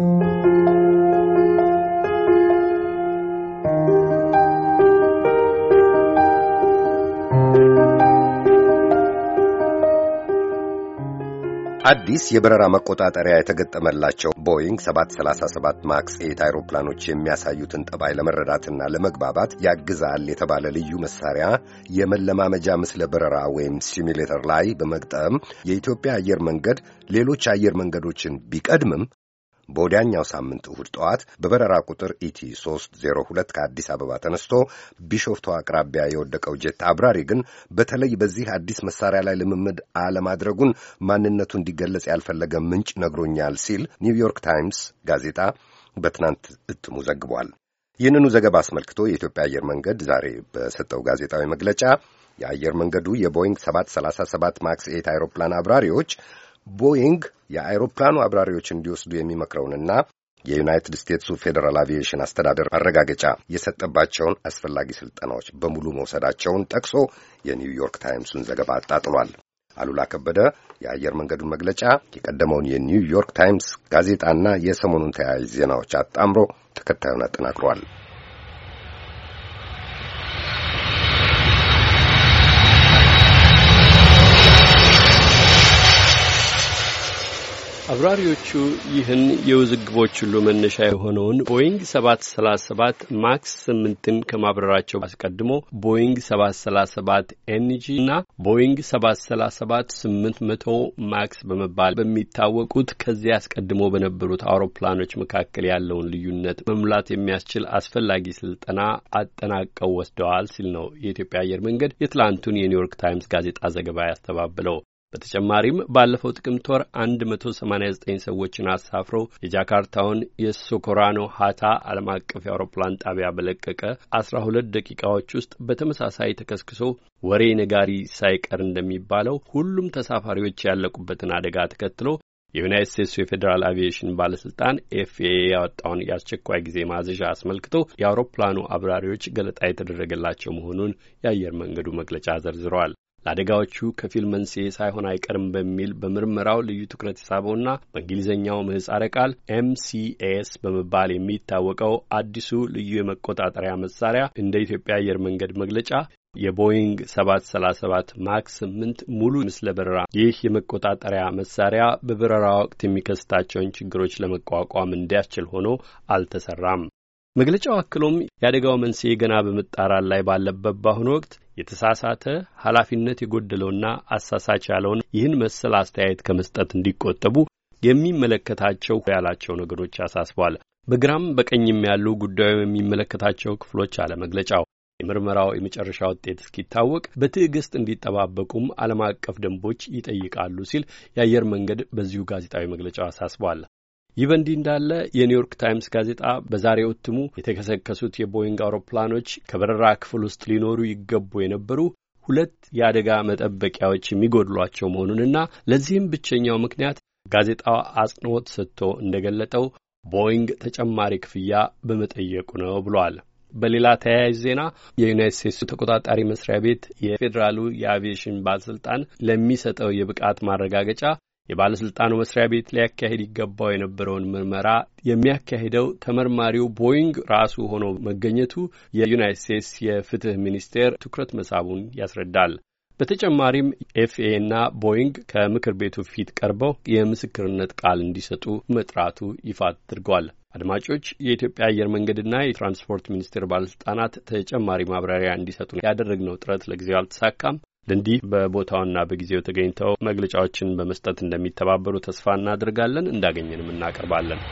አዲስ የበረራ መቆጣጠሪያ የተገጠመላቸው ቦይንግ 737 ማክስ 8 አይሮፕላኖች የሚያሳዩትን ጠባይ ለመረዳትና ለመግባባት ያግዛል የተባለ ልዩ መሳሪያ የመለማመጃ ምስለ በረራ ወይም ሲሚሌተር ላይ በመግጠም የኢትዮጵያ አየር መንገድ ሌሎች አየር መንገዶችን ቢቀድምም በወዲያኛው ሳምንት እሁድ ጠዋት በበረራ ቁጥር ኢቲ 302 ከአዲስ አበባ ተነስቶ ቢሾፍቶ አቅራቢያ የወደቀው ጀት አብራሪ ግን በተለይ በዚህ አዲስ መሳሪያ ላይ ልምምድ አለማድረጉን ማንነቱ እንዲገለጽ ያልፈለገ ምንጭ ነግሮኛል ሲል ኒውዮርክ ታይምስ ጋዜጣ በትናንት እትሙ ዘግቧል። ይህንኑ ዘገባ አስመልክቶ የኢትዮጵያ አየር መንገድ ዛሬ በሰጠው ጋዜጣዊ መግለጫ የአየር መንገዱ የቦይንግ 737 ማክስ ኤት አይሮፕላን አብራሪዎች ቦይንግ የአይሮፕላኑ አብራሪዎች እንዲወስዱ የሚመክረውንና የዩናይትድ ስቴትሱ ፌዴራል አቪዬሽን አስተዳደር ማረጋገጫ የሰጠባቸውን አስፈላጊ ስልጠናዎች በሙሉ መውሰዳቸውን ጠቅሶ የኒውዮርክ ታይምሱን ዘገባ አጣጥሏል። አሉላ ከበደ የአየር መንገዱን መግለጫ የቀደመውን የኒውዮርክ ታይምስ ጋዜጣና የሰሞኑን ተያያዥ ዜናዎች አጣምሮ ተከታዩን አጠናቅሯል። አብራሪዎቹ ይህን የውዝግቦች ሁሉ መነሻ የሆነውን ቦይንግ 737 ማክስ 8ን ከማብረራቸው አስቀድሞ ቦይንግ 737 ኤንጂ እና ቦይንግ 737 800 ማክስ በመባል በሚታወቁት ከዚያ አስቀድሞ በነበሩት አውሮፕላኖች መካከል ያለውን ልዩነት መሙላት የሚያስችል አስፈላጊ ስልጠና አጠናቀው ወስደዋል ሲል ነው የኢትዮጵያ አየር መንገድ የትላንቱን የኒውዮርክ ታይምስ ጋዜጣ ዘገባ ያስተባብለው። በተጨማሪም ባለፈው ጥቅምት ወር 189 ሰዎችን አሳፍሮ የጃካርታውን የሶኮራኖ ሃታ ዓለም አቀፍ የአውሮፕላን ጣቢያ በለቀቀ 12 ደቂቃዎች ውስጥ በተመሳሳይ ተከስክሶ ወሬ ነጋሪ ሳይቀር እንደሚባለው ሁሉም ተሳፋሪዎች ያለቁበትን አደጋ ተከትሎ የዩናይት ስቴትሱ የፌዴራል አቪዬሽን ባለስልጣን ኤፍኤ ያወጣውን የአስቸኳይ ጊዜ ማዘዣ አስመልክቶ የአውሮፕላኑ አብራሪዎች ገለጣ የተደረገላቸው መሆኑን የአየር መንገዱ መግለጫ ዘርዝረዋል። ለአደጋዎቹ ከፊል መንስኤ ሳይሆን አይቀርም በሚል በምርመራው ልዩ ትኩረት የሳበውና በእንግሊዝኛው ምህጻረ ቃል ኤምሲኤስ በመባል የሚታወቀው አዲሱ ልዩ የመቆጣጠሪያ መሳሪያ እንደ ኢትዮጵያ አየር መንገድ መግለጫ የቦይንግ 737 ማክስ 8 ሙሉ ምስለ በረራ ይህ የመቆጣጠሪያ መሳሪያ በበረራ ወቅት የሚከስታቸውን ችግሮች ለመቋቋም እንዲያስችል ሆኖ አልተሰራም። መግለጫው አክሎም የአደጋው መንስኤ ገና በመጣራት ላይ ባለበት በአሁኑ ወቅት የተሳሳተ ኃላፊነት የጎደለውና አሳሳች ያለውን ይህን መሰል አስተያየት ከመስጠት እንዲቆጠቡ የሚመለከታቸው ያላቸው ነገሮች አሳስቧል። በግራም በቀኝም ያሉ ጉዳዩ የሚመለከታቸው ክፍሎች አለ መግለጫው የምርመራው የመጨረሻ ውጤት እስኪታወቅ በትዕግስት እንዲጠባበቁም ዓለም አቀፍ ደንቦች ይጠይቃሉ ሲል የአየር መንገድ በዚሁ ጋዜጣዊ መግለጫው አሳስቧል። ይህ በእንዲህ እንዳለ የኒውዮርክ ታይምስ ጋዜጣ በዛሬው እትሙ የተከሰከሱት የቦይንግ አውሮፕላኖች ከበረራ ክፍል ውስጥ ሊኖሩ ይገቡ የነበሩ ሁለት የአደጋ መጠበቂያዎች የሚጎድሏቸው መሆኑንና ለዚህም ብቸኛው ምክንያት ጋዜጣዋ አጽንኦት ሰጥቶ እንደገለጠው ቦይንግ ተጨማሪ ክፍያ በመጠየቁ ነው ብሏል። በሌላ ተያያዥ ዜና የዩናይት ስቴትሱ ተቆጣጣሪ መስሪያ ቤት የፌዴራሉ የአቪዬሽን ባለስልጣን ለሚሰጠው የብቃት ማረጋገጫ የባለሥልጣኑ መስሪያ ቤት ሊያካሄድ ይገባው የነበረውን ምርመራ የሚያካሂደው ተመርማሪው ቦይንግ ራሱ ሆኖ መገኘቱ የዩናይት ስቴትስ የፍትህ ሚኒስቴር ትኩረት መሳቡን ያስረዳል። በተጨማሪም ኤፍኤ እና ቦይንግ ከምክር ቤቱ ፊት ቀርበው የምስክርነት ቃል እንዲሰጡ መጥራቱ ይፋ አድርጓል። አድማጮች፣ የኢትዮጵያ አየር መንገድና የትራንስፖርት ሚኒስቴር ባለስልጣናት ተጨማሪ ማብራሪያ እንዲሰጡ ያደረግነው ጥረት ለጊዜው አልተሳካም። እንዲህ በቦታውና በጊዜው ተገኝተው መግለጫዎችን በመስጠት እንደሚተባበሩ ተስፋ እናድርጋለን። እንዳገኘንም እናቀርባለን።